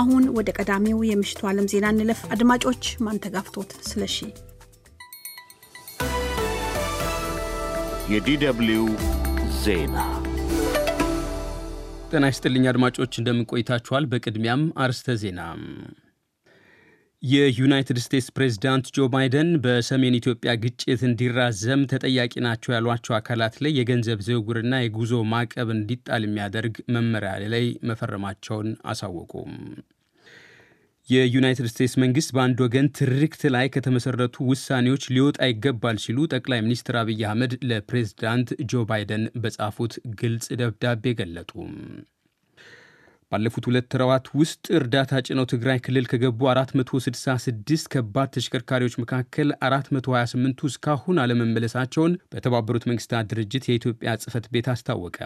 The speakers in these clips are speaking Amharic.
አሁን ወደ ቀዳሚው የምሽቱ ዓለም ዜና እንለፍ። አድማጮች፣ ማንተጋፍቶት ስለሺ የዲደብልዩ ዜና ጤና ይስጥልኝ አድማጮች፣ እንደምንቆይታችኋል። በቅድሚያም አርስተ ዜና የዩናይትድ ስቴትስ ፕሬዝዳንት ጆ ባይደን በሰሜን ኢትዮጵያ ግጭት እንዲራዘም ተጠያቂ ናቸው ያሏቸው አካላት ላይ የገንዘብ ዝውውርና የጉዞ ማዕቀብ እንዲጣል የሚያደርግ መመሪያ ላይ መፈረማቸውን አሳወቁም። የዩናይትድ ስቴትስ መንግስት በአንድ ወገን ትርክት ላይ ከተመሰረቱ ውሳኔዎች ሊወጣ ይገባል ሲሉ ጠቅላይ ሚኒስትር አብይ አህመድ ለፕሬዝዳንት ጆ ባይደን በጻፉት ግልጽ ደብዳቤ ገለጡ። ባለፉት ሁለት ወራት ውስጥ እርዳታ ጭነው ትግራይ ክልል ከገቡ 466 ከባድ ተሽከርካሪዎች መካከል 428ቱ እስካሁን አለመመለሳቸውን በተባበሩት መንግስታት ድርጅት የኢትዮጵያ ጽህፈት ቤት አስታወቀ።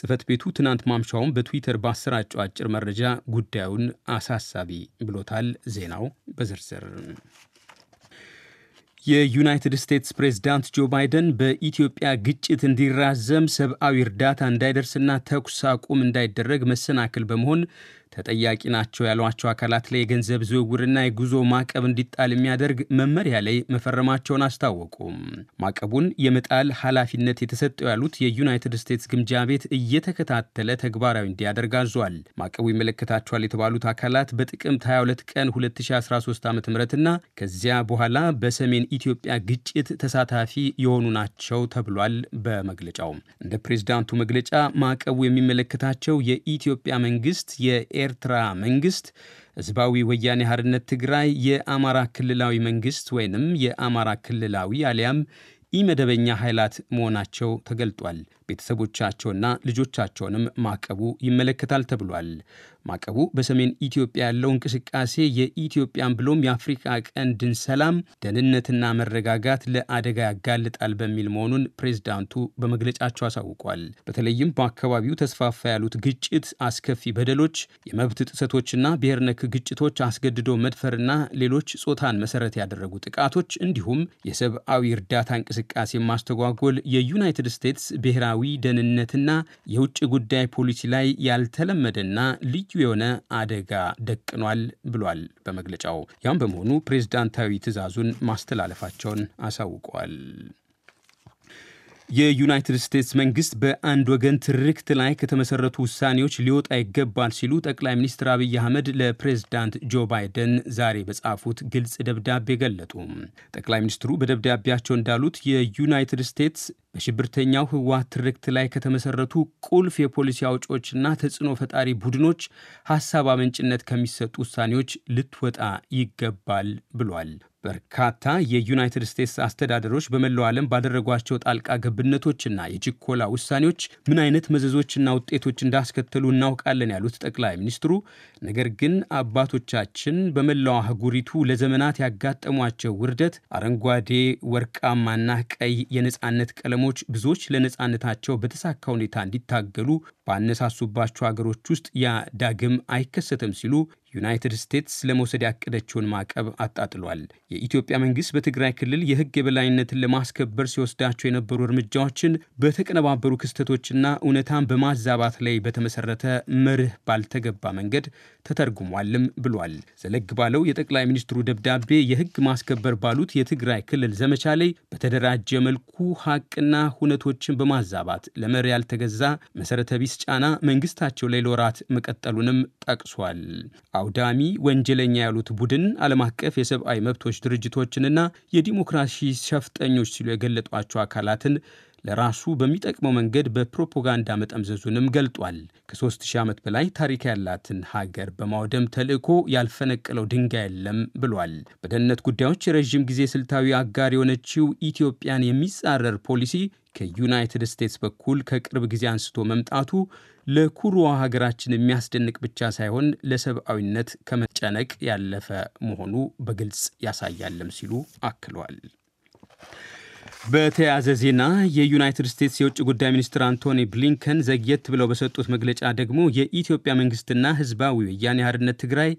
ጽህፈት ቤቱ ትናንት ማምሻውን በትዊተር ባሰራጨው አጭር መረጃ ጉዳዩን አሳሳቢ ብሎታል። ዜናው በዝርዝር የዩናይትድ ስቴትስ ፕሬዝዳንት ጆ ባይደን በኢትዮጵያ ግጭት እንዲራዘም ሰብአዊ እርዳታ እንዳይደርስና ተኩስ አቁም እንዳይደረግ መሰናክል በመሆን ተጠያቂ ናቸው ያሏቸው አካላት ላይ የገንዘብ ዝውውርና የጉዞ ማዕቀብ እንዲጣል የሚያደርግ መመሪያ ላይ መፈረማቸውን አስታወቁ። ማዕቀቡን የመጣል ኃላፊነት የተሰጠው ያሉት የዩናይትድ ስቴትስ ግምጃ ቤት እየተከታተለ ተግባራዊ እንዲያደርግ አዟል። ማዕቀቡ ይመለከታቸዋል የተባሉት አካላት በጥቅምት 22 ቀን 2013 ዓ ምና ከዚያ በኋላ በሰሜን ኢትዮጵያ ግጭት ተሳታፊ የሆኑ ናቸው ተብሏል። በመግለጫው እንደ ፕሬዚዳንቱ መግለጫ ማዕቀቡ የሚመለከታቸው የኢትዮጵያ መንግስት የ የኤርትራ መንግስት ህዝባዊ ወያኔ ሓርነት ትግራይ የአማራ ክልላዊ መንግስት ወይንም የአማራ ክልላዊ አሊያም ኢመደበኛ ኃይላት መሆናቸው ተገልጧል። ቤተሰቦቻቸውና ልጆቻቸውንም ማዕቀቡ ይመለከታል ተብሏል። ማዕቀቡ በሰሜን ኢትዮጵያ ያለው እንቅስቃሴ የኢትዮጵያን ብሎም የአፍሪካ ቀንድን ሰላም፣ ደህንነትና መረጋጋት ለአደጋ ያጋልጣል በሚል መሆኑን ፕሬዝዳንቱ በመግለጫቸው አሳውቋል። በተለይም በአካባቢው ተስፋፋ ያሉት ግጭት፣ አስከፊ በደሎች፣ የመብት ጥሰቶችና ብሔር ነክ ግጭቶች፣ አስገድዶ መድፈርና ሌሎች ጾታን መሰረት ያደረጉ ጥቃቶች እንዲሁም የሰብአዊ እርዳታ እንቅስቃሴ ማስተጓጎል የዩናይትድ ስቴትስ ብሔራዊ ብሔራዊ ደህንነትና የውጭ ጉዳይ ፖሊሲ ላይ ያልተለመደና ልዩ የሆነ አደጋ ደቅኗል ብሏል በመግለጫው። ያም በመሆኑ ፕሬዝዳንታዊ ትዕዛዙን ማስተላለፋቸውን አሳውቀዋል። የዩናይትድ ስቴትስ መንግስት በአንድ ወገን ትርክት ላይ ከተመሰረቱ ውሳኔዎች ሊወጣ ይገባል ሲሉ ጠቅላይ ሚኒስትር አብይ አህመድ ለፕሬዝዳንት ጆ ባይደን ዛሬ በጻፉት ግልጽ ደብዳቤ ገለጡ። ጠቅላይ ሚኒስትሩ በደብዳቤያቸው እንዳሉት የዩናይትድ ስቴትስ በሽብርተኛው ህወሓት ትርክት ላይ ከተመሰረቱ ቁልፍ የፖሊሲ አውጪዎችና ተጽዕኖ ፈጣሪ ቡድኖች ሀሳብ አመንጭነት ከሚሰጡ ውሳኔዎች ልትወጣ ይገባል ብሏል። በርካታ የዩናይትድ ስቴትስ አስተዳደሮች በመላው ዓለም ባደረጓቸው ጣልቃ ገብነቶችና የችኮላ ውሳኔዎች ምን አይነት መዘዞችና ውጤቶች እንዳስከተሉ እናውቃለን ያሉት ጠቅላይ ሚኒስትሩ፣ ነገር ግን አባቶቻችን በመላው አህጉሪቱ ለዘመናት ያጋጠሟቸው ውርደት፣ አረንጓዴ፣ ወርቃማና ቀይ የነፃነት ቀለሞች ብዙዎች ለነፃነታቸው በተሳካ ሁኔታ እንዲታገሉ ባነሳሱባቸው አገሮች ውስጥ ያ ዳግም አይከሰትም ሲሉ ዩናይትድ ስቴትስ ለመውሰድ ያቀደችውን ማዕቀብ አጣጥሏል። የኢትዮጵያ መንግስት በትግራይ ክልል የህግ የበላይነትን ለማስከበር ሲወስዳቸው የነበሩ እርምጃዎችን በተቀነባበሩ ክስተቶችና እውነታን በማዛባት ላይ በተመሰረተ መርህ ባልተገባ መንገድ ተተርጉሟልም ብሏል። ዘለግ ባለው የጠቅላይ ሚኒስትሩ ደብዳቤ የህግ ማስከበር ባሉት የትግራይ ክልል ዘመቻ ላይ በተደራጀ መልኩ ሀቅና ሁነቶችን በማዛባት ለመርህ ያልተገዛ መሰረተ ቢስ ጫና መንግስታቸው ላይ ለወራት መቀጠሉንም ጠቅሷል። አውዳሚ ወንጀለኛ ያሉት ቡድን ዓለም አቀፍ የሰብአዊ መብቶች ድርጅቶችንና የዲሞክራሲ ሸፍጠኞች ሲሉ የገለጧቸው አካላትን ለራሱ በሚጠቅመው መንገድ በፕሮፓጋንዳ መጠምዘዙንም ገልጧል። ከ ሺህ ዓመት በላይ ታሪክ ያላትን ሀገር በማውደም ተልዕኮ ያልፈነቀለው ድንጋይ የለም ብሏል። በደህንነት ጉዳዮች የረዥም ጊዜ ስልታዊ አጋር የሆነችው ኢትዮጵያን የሚጻረር ፖሊሲ ከዩናይትድ ስቴትስ በኩል ከቅርብ ጊዜ አንስቶ መምጣቱ ለኩሩዋ ሀገራችን የሚያስደንቅ ብቻ ሳይሆን ለሰብአዊነት ከመጨነቅ ያለፈ መሆኑ በግልጽ ያሳያለም ሲሉ አክሏል። በተያያዘ ዜና የዩናይትድ ስቴትስ የውጭ ጉዳይ ሚኒስትር አንቶኒ ብሊንከን ዘግየት ብለው በሰጡት መግለጫ ደግሞ የኢትዮጵያ መንግስትና ህዝባዊ ወያኔ ሓርነት ትግራይ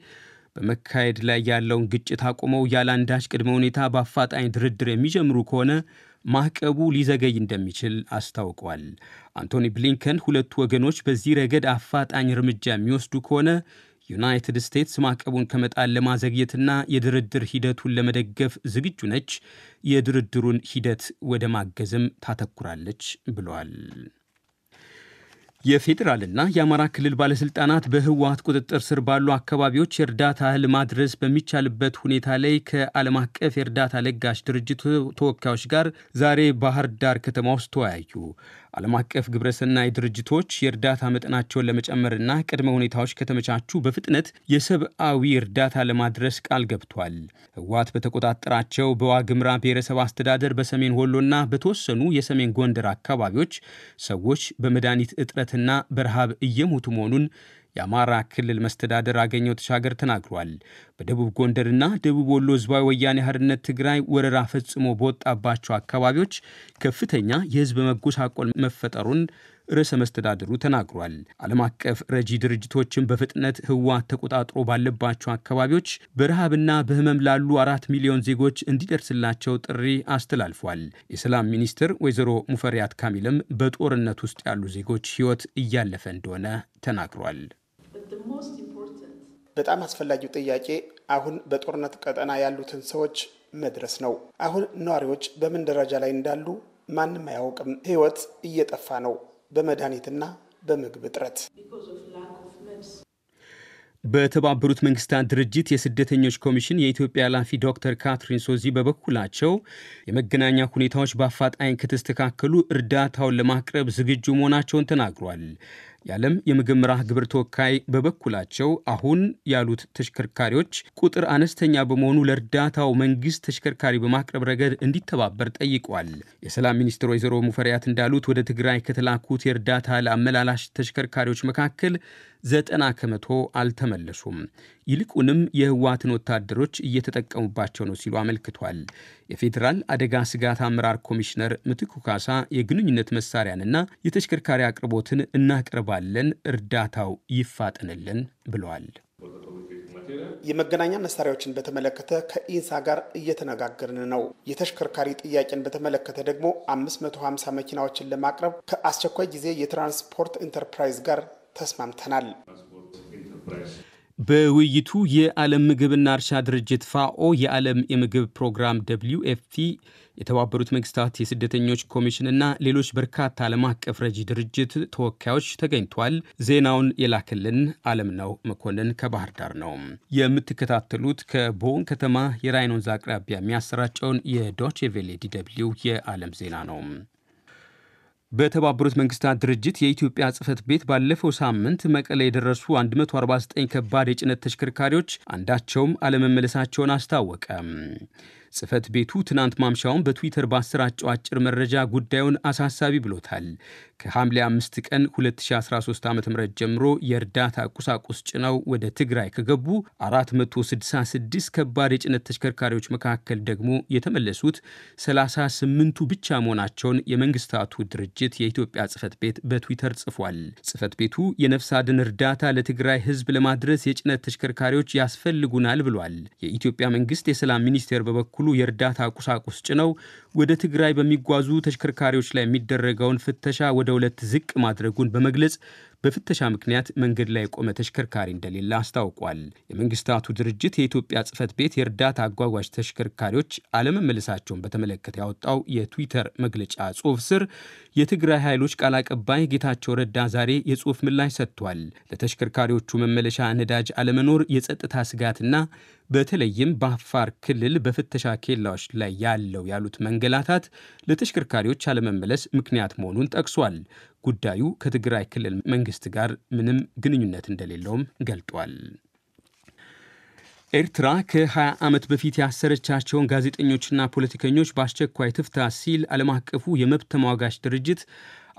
በመካሄድ ላይ ያለውን ግጭት አቁመው ያለ ቅድመ ሁኔታ በአፋጣኝ ድርድር የሚጀምሩ ከሆነ ማዕቀቡ ሊዘገይ እንደሚችል አስታውቋል። አንቶኒ ብሊንከን ሁለቱ ወገኖች በዚህ ረገድ አፋጣኝ እርምጃ የሚወስዱ ከሆነ ዩናይትድ ስቴትስ ማዕቀቡን ከመጣል ለማዘግየትና የድርድር ሂደቱን ለመደገፍ ዝግጁ ነች፣ የድርድሩን ሂደት ወደ ማገዝም ታተኩራለች ብሏል። የፌዴራልና የአማራ ክልል ባለስልጣናት በህወሀት ቁጥጥር ስር ባሉ አካባቢዎች የእርዳታ እህል ማድረስ በሚቻልበት ሁኔታ ላይ ከዓለም አቀፍ የእርዳታ ለጋሽ ድርጅት ተወካዮች ጋር ዛሬ ባህር ዳር ከተማ ውስጥ ተወያዩ። ዓለም አቀፍ ግብረሰናይ ድርጅቶች የእርዳታ መጠናቸውን ለመጨመርና ቅድመ ሁኔታዎች ከተመቻቹ በፍጥነት የሰብአዊ እርዳታ ለማድረስ ቃል ገብቷል። ህወሀት በተቆጣጠራቸው በዋግምራ ብሔረሰብ አስተዳደር በሰሜን ወሎና በተወሰኑ የሰሜን ጎንደር አካባቢዎች ሰዎች በመድኃኒት እጥረት በጥማትና በረሃብ እየሞቱ መሆኑን የአማራ ክልል መስተዳደር አገኘው ተሻገር ተናግሯል። በደቡብ ጎንደርና ደቡብ ወሎ ህዝባዊ ወያኔ ሓርነት ትግራይ ወረራ ፈጽሞ በወጣባቸው አካባቢዎች ከፍተኛ የህዝብ መጎሳቆል መፈጠሩን ርዕሰ መስተዳድሩ ተናግሯል። ዓለም አቀፍ ረጂ ድርጅቶችን በፍጥነት ህወሓት ተቆጣጥሮ ባለባቸው አካባቢዎች በረሃብና በህመም ላሉ አራት ሚሊዮን ዜጎች እንዲደርስላቸው ጥሪ አስተላልፏል። የሰላም ሚኒስትር ወይዘሮ ሙፈሪያት ካሚልም በጦርነት ውስጥ ያሉ ዜጎች ህይወት እያለፈ እንደሆነ ተናግሯል። በጣም አስፈላጊው ጥያቄ አሁን በጦርነት ቀጠና ያሉትን ሰዎች መድረስ ነው። አሁን ነዋሪዎች በምን ደረጃ ላይ እንዳሉ ማንም አያውቅም። ህይወት እየጠፋ ነው። በመድኃኒትና በምግብ እጥረት በተባበሩት መንግስታት ድርጅት የስደተኞች ኮሚሽን የኢትዮጵያ ኃላፊ ዶክተር ካትሪን ሶዚ በበኩላቸው የመገናኛ ሁኔታዎች በአፋጣኝ ከተስተካከሉ እርዳታውን ለማቅረብ ዝግጁ መሆናቸውን ተናግሯል። የዓለም የምግብ መርሃ ግብር ተወካይ በበኩላቸው አሁን ያሉት ተሽከርካሪዎች ቁጥር አነስተኛ በመሆኑ ለእርዳታው መንግስት ተሽከርካሪ በማቅረብ ረገድ እንዲተባበር ጠይቋል። የሰላም ሚኒስትር ወይዘሮ ሙፈሪያት እንዳሉት ወደ ትግራይ ከተላኩት የእርዳታ ለአመላላሽ ተሽከርካሪዎች መካከል ዘጠና ከመቶ አልተመለሱም። ይልቁንም የህወሓትን ወታደሮች እየተጠቀሙባቸው ነው ሲሉ አመልክቷል። የፌዴራል አደጋ ስጋት አመራር ኮሚሽነር ምትኩ ካሳ የግንኙነት መሳሪያንና የተሽከርካሪ አቅርቦትን እናቀርባለን፣ እርዳታው ይፋጠንልን ብለዋል። የመገናኛ መሳሪያዎችን በተመለከተ ከኢንሳ ጋር እየተነጋገርን ነው። የተሽከርካሪ ጥያቄን በተመለከተ ደግሞ 550 መኪናዎችን ለማቅረብ ከአስቸኳይ ጊዜ የትራንስፖርት ኢንተርፕራይዝ ጋር ተስማምተናል። በውይይቱ የዓለም ምግብና እርሻ ድርጅት ፋኦ፣ የዓለም የምግብ ፕሮግራም ደብልዩ ኤፍፒ፣ የተባበሩት መንግስታት የስደተኞች ኮሚሽንና ሌሎች በርካታ ዓለም አቀፍ ረጂ ድርጅት ተወካዮች ተገኝቷል። ዜናውን የላክልን አለም ነው መኮንን ከባህር ዳር ነው። የምትከታተሉት ከቦን ከተማ የራይን ወንዝ አቅራቢያ የሚያሰራጨውን የዶቼ ቬሌ ዲ የዓለም ዜና ነው። በተባበሩት መንግስታት ድርጅት የኢትዮጵያ ጽህፈት ቤት ባለፈው ሳምንት መቀለ የደረሱ 149 ከባድ የጭነት ተሽከርካሪዎች አንዳቸውም አለመመለሳቸውን አስታወቀ። ጽህፈት ቤቱ ትናንት ማምሻውን በትዊተር ባሰራጨው አጭር መረጃ ጉዳዩን አሳሳቢ ብሎታል። ከሐምሌ 5 ቀን 2013 ዓ ም ጀምሮ የእርዳታ ቁሳቁስ ጭነው ወደ ትግራይ ከገቡ 466 ከባድ የጭነት ተሽከርካሪዎች መካከል ደግሞ የተመለሱት 38ቱ ብቻ መሆናቸውን የመንግስታቱ ድርጅት የኢትዮጵያ ጽህፈት ቤት በትዊተር ጽፏል። ጽህፈት ቤቱ የነፍስ አድን እርዳታ ለትግራይ ህዝብ ለማድረስ የጭነት ተሽከርካሪዎች ያስፈልጉናል ብሏል። የኢትዮጵያ መንግስት የሰላም ሚኒስቴር በበኩል በበኩሉ የእርዳታ ቁሳቁስ ጭነው ወደ ትግራይ በሚጓዙ ተሽከርካሪዎች ላይ የሚደረገውን ፍተሻ ወደ ሁለት ዝቅ ማድረጉን በመግለጽ በፍተሻ ምክንያት መንገድ ላይ የቆመ ተሽከርካሪ እንደሌለ አስታውቋል። የመንግስታቱ ድርጅት የኢትዮጵያ ጽህፈት ቤት የእርዳታ አጓጓዥ ተሽከርካሪዎች አለመመለሳቸውን በተመለከተ ያወጣው የትዊተር መግለጫ ጽሁፍ ስር የትግራይ ኃይሎች ቃል አቀባይ ጌታቸው ረዳ ዛሬ የጽሁፍ ምላሽ ሰጥቷል። ለተሽከርካሪዎቹ መመለሻ ነዳጅ አለመኖር የጸጥታ ስጋትና በተለይም በአፋር ክልል በፍተሻ ኬላዎች ላይ ያለው ያሉት መንገላታት ለተሽከርካሪዎች አለመመለስ ምክንያት መሆኑን ጠቅሷል። ጉዳዩ ከትግራይ ክልል መንግስት ጋር ምንም ግንኙነት እንደሌለውም ገልጧል። ኤርትራ ከ20 ዓመት በፊት ያሰረቻቸውን ጋዜጠኞችና ፖለቲከኞች በአስቸኳይ ትፍታ ሲል ዓለም አቀፉ የመብት ተሟጋች ድርጅት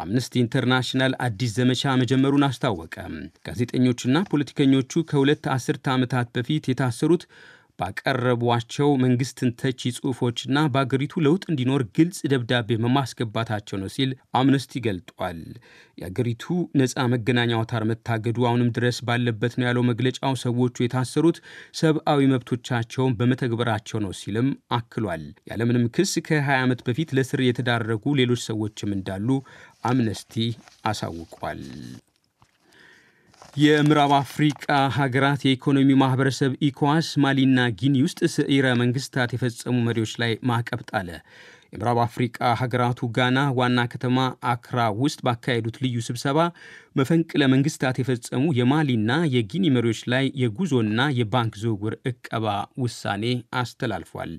አምነስቲ ኢንተርናሽናል አዲስ ዘመቻ መጀመሩን አስታወቀ። ጋዜጠኞቹና ፖለቲከኞቹ ከሁለት አስርተ ዓመታት በፊት የታሰሩት ባቀረቧቸው መንግስትን ተቺ ጽሑፎችና በአገሪቱ ለውጥ እንዲኖር ግልጽ ደብዳቤ በማስገባታቸው ነው ሲል አምነስቲ ገልጧል። የአገሪቱ ነፃ መገናኛ አውታር መታገዱ አሁንም ድረስ ባለበት ነው ያለው መግለጫው፣ ሰዎቹ የታሰሩት ሰብአዊ መብቶቻቸውን በመተግበራቸው ነው ሲልም አክሏል። ያለምንም ክስ ከ20 ዓመት በፊት ለስር የተዳረጉ ሌሎች ሰዎችም እንዳሉ አምነስቲ አሳውቋል። የምዕራብ አፍሪቃ ሀገራት የኢኮኖሚ ማህበረሰብ ኢኮዋስ ማሊና ጊኒ ውስጥ ስዒረ መንግስታት የፈጸሙ መሪዎች ላይ ማዕቀብ ጣለ። የምዕራብ አፍሪቃ ሀገራቱ ጋና ዋና ከተማ አክራ ውስጥ ባካሄዱት ልዩ ስብሰባ መፈንቅለ መንግስታት የፈጸሙ የማሊና የጊኒ መሪዎች ላይ የጉዞና የባንክ ዝውውር እቀባ ውሳኔ አስተላልፏል።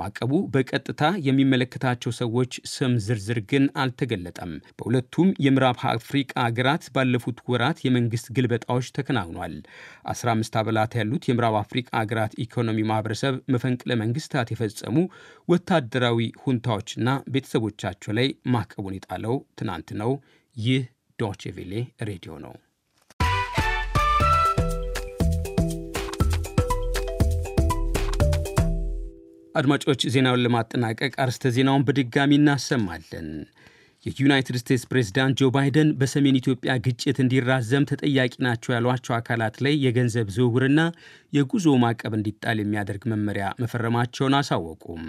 ማዕቀቡ በቀጥታ የሚመለከታቸው ሰዎች ስም ዝርዝር ግን አልተገለጠም። በሁለቱም የምዕራብ አፍሪቃ ሀገራት ባለፉት ወራት የመንግስት ግልበጣዎች ተከናውኗል። 15 አባላት ያሉት የምዕራብ አፍሪቃ ሀገራት ኢኮኖሚ ማህበረሰብ መፈንቅለ መንግስታት የፈጸሙ ወታደራዊ ሁንታዎችና ቤተሰቦቻቸው ላይ ማዕቀቡን የጣለው ትናንት ነው። ይህ ዶችቪሌ ሬዲዮ ነው። አድማጮች ዜናውን ለማጠናቀቅ አርስተ ዜናውን በድጋሚ እናሰማለን። የዩናይትድ ስቴትስ ፕሬዝዳንት ጆ ባይደን በሰሜን ኢትዮጵያ ግጭት እንዲራዘም ተጠያቂ ናቸው ያሏቸው አካላት ላይ የገንዘብ ዝውውርና የጉዞ ማዕቀብ እንዲጣል የሚያደርግ መመሪያ መፈረማቸውን አሳወቁም።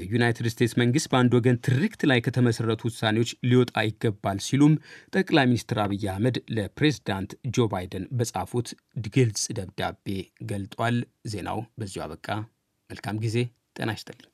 የዩናይትድ ስቴትስ መንግስት በአንድ ወገን ትርክት ላይ ከተመሰረቱ ውሳኔዎች ሊወጣ ይገባል ሲሉም ጠቅላይ ሚኒስትር አብይ አህመድ ለፕሬዝዳንት ጆ ባይደን በጻፉት ግልጽ ደብዳቤ ገልጧል። ዜናው በዚሁ አበቃ። መልካም ጊዜ። ጤና ይስጥልኝ።